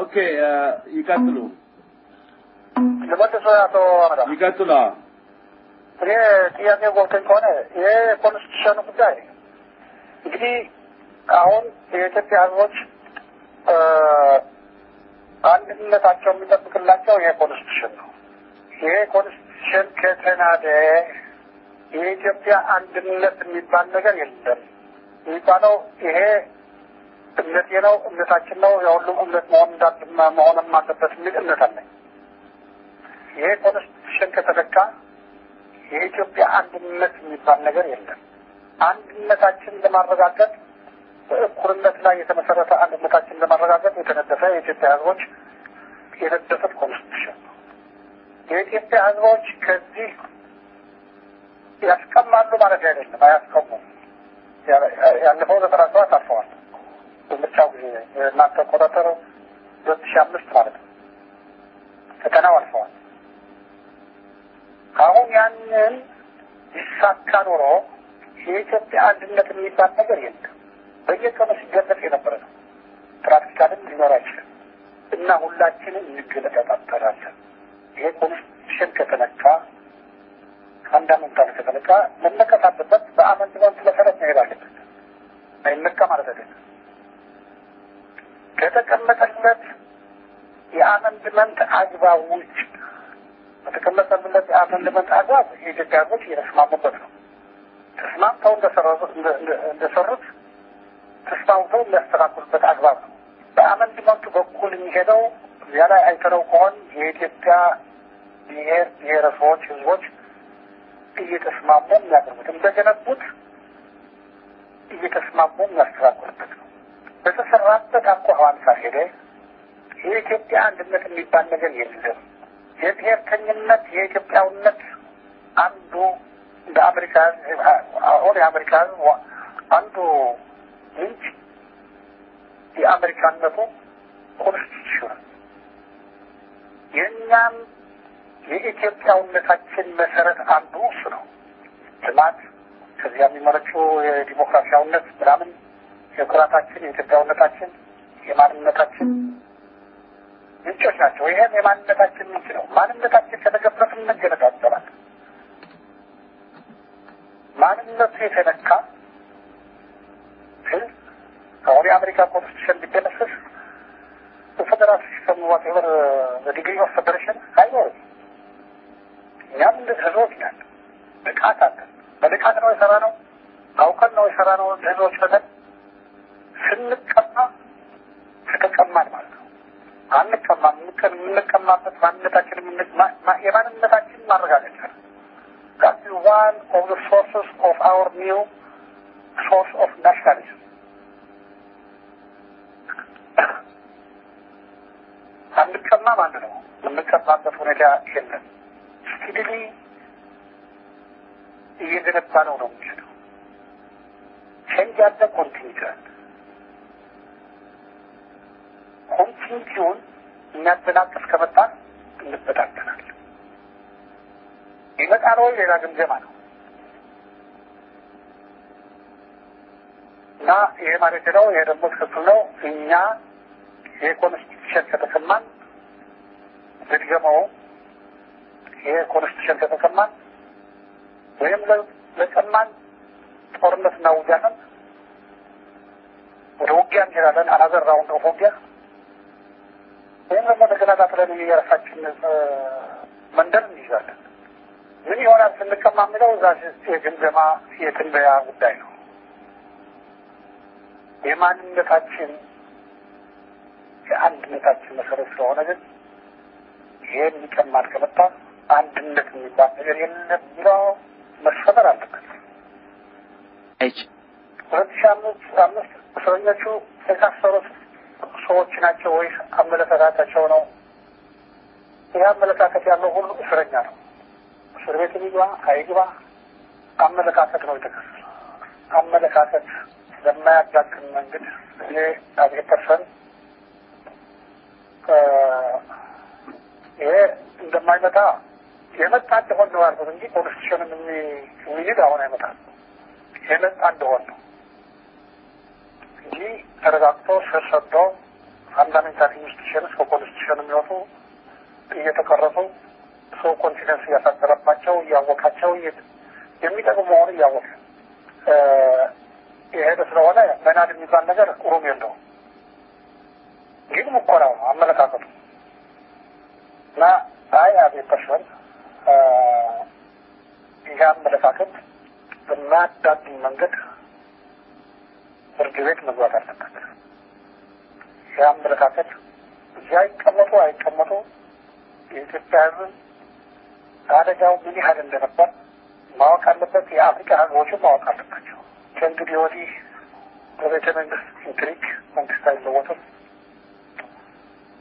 ኦኬ ይቀጥሉ። ልመልስ አቶ አመዳ። ይቀጥሉ። እኔ ጥያቄ ጎልተኝ ከሆነ ይሄ የኮንስቲቱሽኑ ጉዳይ እንግዲህ አሁን የኢትዮጵያ ሕዝቦች አንድነታቸው የሚጠብቅላቸው ይሄ ኮንስቲቱሽን ነው። ይሄ ኮንስቲቱሽን ከተናደ የኢትዮጵያ አንድነት የሚባል ነገር የለም የሚባለው ይሄ እምነቴ ነው፣ እምነታችን ነው፣ የሁሉም እምነት መሆን እንዳለበት መሆንም አለበት የሚል እምነት አለኝ። ይሄ ኮንስቲቱሽን ከተተካ የኢትዮጵያ አንድነት የሚባል ነገር የለም። አንድነታችን ለማረጋገጥ በእኩልነት ላይ የተመሰረተ አንድነታችን ለማረጋገጥ የተነደፈ የኢትዮጵያ ህዝቦች የነደፈት ኮንስቲቱሽን ነው። የኢትዮጵያ ህዝቦች ከዚህ ያስቀማሉ ማለት አይደለም፣ አያስቀሙም። ያለፈው ዘጠና ሰባት አምስት ማለት ነው። ፈተናው አልፈዋል። አሁን ያንን ይሳካ ኖሮ የኢትዮጵያ አንድነት የሚባል ነገር የለም። በየቀኑ ሲገለጽ የነበረ ነው። ፕራክቲካልም ሊኖር አይችልም እና ሁላችንም እንገለጣጠራለን። ይሄ ኮንስቲቱሽን ከተነካ ፈንዳሜንታል ከተነካ መነቀት አለበት። በአመንድመንት መሰረት መሄድ አለበት። አይነካ ማለት አይደለም። ከተቀመጠ ከአሜንድመንት አግባብ ውጭ በተቀመጠለት የአሜንድመንት አግባብ የኢትዮጵያ ሕዝቦች እየተስማሙበት ነው። ተስማምተው እንደሰሩት ተስማምተው የሚያስተካክሉበት አግባብ ነው። በአመንድመንቱ በኩል የሚሄደው እዚያ ላይ አይተነው ከሆን የኢትዮጵያ ብሔር ብሔረሰቦች ህዝቦች እየተስማሙ የሚያደርጉት እንደገነቡት እየተስማሙ የሚያስተካክሉበት ነው። በተሰራበት አኳኋን ሳሄደ የኢትዮጵያ አንድነት የሚባል ነገር የለም። የብሔርተኝነት የኢትዮጵያውነት አንዱ እንደ አሜሪካ አሁን የአሜሪካ አንዱ ምንጭ የአሜሪካነቱ ኮንስቲቱሽን የእኛም የኢትዮጵያውነታችን መሰረት አንዱ እሱ ነው። ልማት ከዚያ የሚመረጩ የዲሞክራሲያውነት ምናምን የኩራታችን የኢትዮጵያውነታችን የማንነታችን ምንጮች ናቸው። ይህም የማንነታችን ምንጭ ነው። ማንነታችን ከተገፈፍን እንገነጣጠላል። ማንነቱ የተነካ ህዝብ አሁን የአሜሪካ ኮንስቲቱሽን ቢደመሰስ በፌደራል ሲስተም ዋቴቨር ዲግሪ ኦፍ ፌዴሬሽን አይኖርም። እኛም እንደ ህዝቦች ናል ብቃት አለን። በብቃት ነው የሰራ ነው አውቀን ነው የሰራ ነው። ህዝቦች ፈተን ስንቀማ ተቀማን ማለት ነው። አንቀማም። የምንቀማበት ማንነታችን የማንነታችን ማረጋገጫ that is one of the sources of our new source of ነው። የምንቀማበት ሁኔታ የለም። እየገነባ ነው ነው የሚሄደው ቼንጅ ያለ ኮንቲኒቲ ኮንቲኒቲውን የሚያደናቅፍ ከመጣ እንበታተናል። ይመጣ ነው ሌላ ግምገማ ነው እና ይሄ ማለት ነው። ይሄ ደግሞ ትክክል ነው። እኛ የኮንስቲቱሽን ከተሰማን ግምገማው የኮንስቲቱሽን ከተሰማን ወይም ለሰማን ጦርነት እናውጃለን፣ ወደ ውጊያ እንሄዳለን። አላዘራውን ነው ውጊያ ወይም ደግሞ ተከታታትለን የራሳችን መንደር እንይዛለን። ምን ይሆናል ስንቀማ የሚለው እዛ የግምገማ የትንበያ ጉዳይ ነው። የማንነታችን የአንድነታችን መሰረት ስለሆነ ግን ይህን ሊቀማል ከመጣ አንድነት የሚባል ነገር የለም የሚለው መሰበር አለበት። ሁለት ሺ አምስት አምስት እስረኞቹ የታሰሩት ሰዎች ናቸው ወይስ አመለካከታቸው ነው? ይህ አመለካከት ያለው ሁሉ እስረኛ ነው። እስር ቤት ይግባ አይግባ አመለካከት ነው የተከሰሰ አመለካከት ለማያዳግም መንገድ እኔ አዜ ፐርሰን ይሄ እንደማይመጣ የመጣ እንደሆን ነው ያልኩት እንጂ ኮንስቲቱሽን የሚሄድ አሁን አይመጣል። የመጣ እንደሆን ነው እንጂ ተረጋግቶ ስር ሰዶ ሁኔታ ትንሽ ከኢንስቲትዩሽን እስከ ኮንስቲትዩሽን የሚወጡ እየተቀረጹ ሰው ኮንፊደንስ እያሳደረባቸው እያወቃቸው የሚጠቅሙ መሆኑ እያወቅ የሄደ ስለሆነ መናድ የሚባል ነገር ቁሩም የለው ግን ሙኮራው ነው አመለካከቱ እና አይ አቤት ተሽል ይህ አመለካከት በማዳግኝ መንገድ ፍርድ ቤት መግባት አለበት። የአመለካከት እዚያ ይቀመጡ አይቀመጡ የኢትዮጵያ ህዝብ አደጋው ምን ያህል እንደነበር ማወቅ አለበት። የአፍሪካ ህዝቦች ማወቅ አለባቸው። ከእንግዲህ ወዲህ በቤተ መንግስት ኢንትሪክ መንግስት አይለወጥም።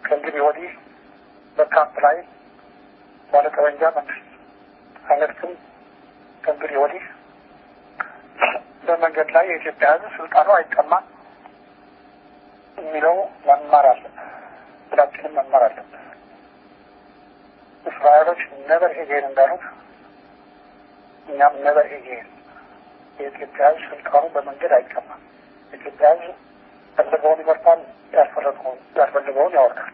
ከእንግዲህ ወዲህ በካምፕ ላይ ባለጠበንጃ መንግስት አይነትም። ከእንግዲህ ወዲህ በመንገድ ላይ የኢትዮጵያ ህዝብ ስልጣኑ አይቀማም። የሚለው መማር አለብን። ሁላችንም መማር አለብን። እስራኤሎች ነበር ሄጌን እንዳሉት እኛም ነበር ሄጌን። የኢትዮጵያ ሕዝብ ስልጣኑ በመንገድ አይቀማም። የኢትዮጵያ ሕዝብ ያስፈልገውን ይመርጣል፣ ያስፈልገውን ያወርዳል።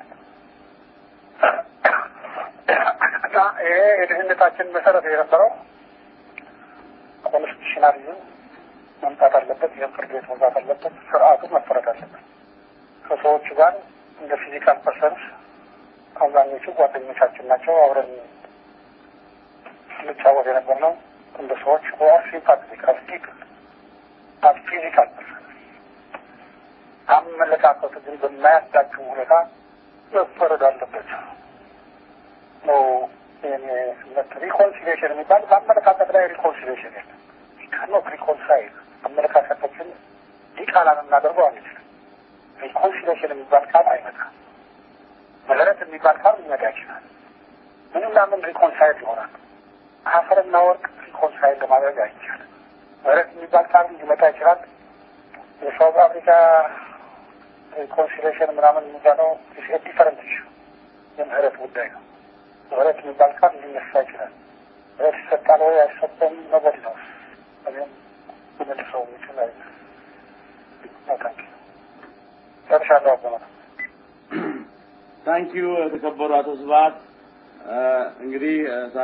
እና ይሄ የድህነታችን መሰረት የነበረው ኮንስቲሽናሊዝም መምጣት አለበት። ይህም ፍርድ ቤት መምጣት አለበት። ስርዓቱ መፈረድ አለበት። ከሰዎቹ ጋር እንደ ፊዚካል ፐርሰንስ አብዛኞቹ ጓደኞቻችን ናቸው። አብረን ስንጫወት የነበር ነው እንደ ሰዎች ኦር ሲምፓቲካል ፒፕል ፊዚካል ፐርሰን አመለካከቱ ግን በማያዳግም ሁኔታ መፈረድ አለበት ነው ስነት ሪኮንሲሌሽን የሚባል በአመለካከት ላይ ሪኮንሲሌሽን የለም። ሪኮንሳይል አመለካከታችን ሊቃላን እናደርገው አንችል ሪኮንሲሌሽን የሚባል ቃል አይመጣም። ምህረት የሚባል ቃል ሊመጣ ይችላል። ምንና ምን ሪኮንሳይል ይሆናል። አፈርና ወርቅ ሪኮንሳይል ለማድረግ አይቻልም። ምህረት የሚባል ቃል ሊመጣ ይችላል። የሳውት አፍሪካ ሪኮንሲሌሽን ምናምን የሚባለው ዲፈረንት ሽ የምህረት ጉዳይ ነው። ምህረት የሚባል ቃል ሊነሳ ይችላል። ምህረት ይሰጣል ወይ አይሰጠም ነው በድነውስ እኔም የሚመልሰው ይችላል። ታንኪ thank you തക്കബ്ബർ അസോസിബാദ് እንግዲህ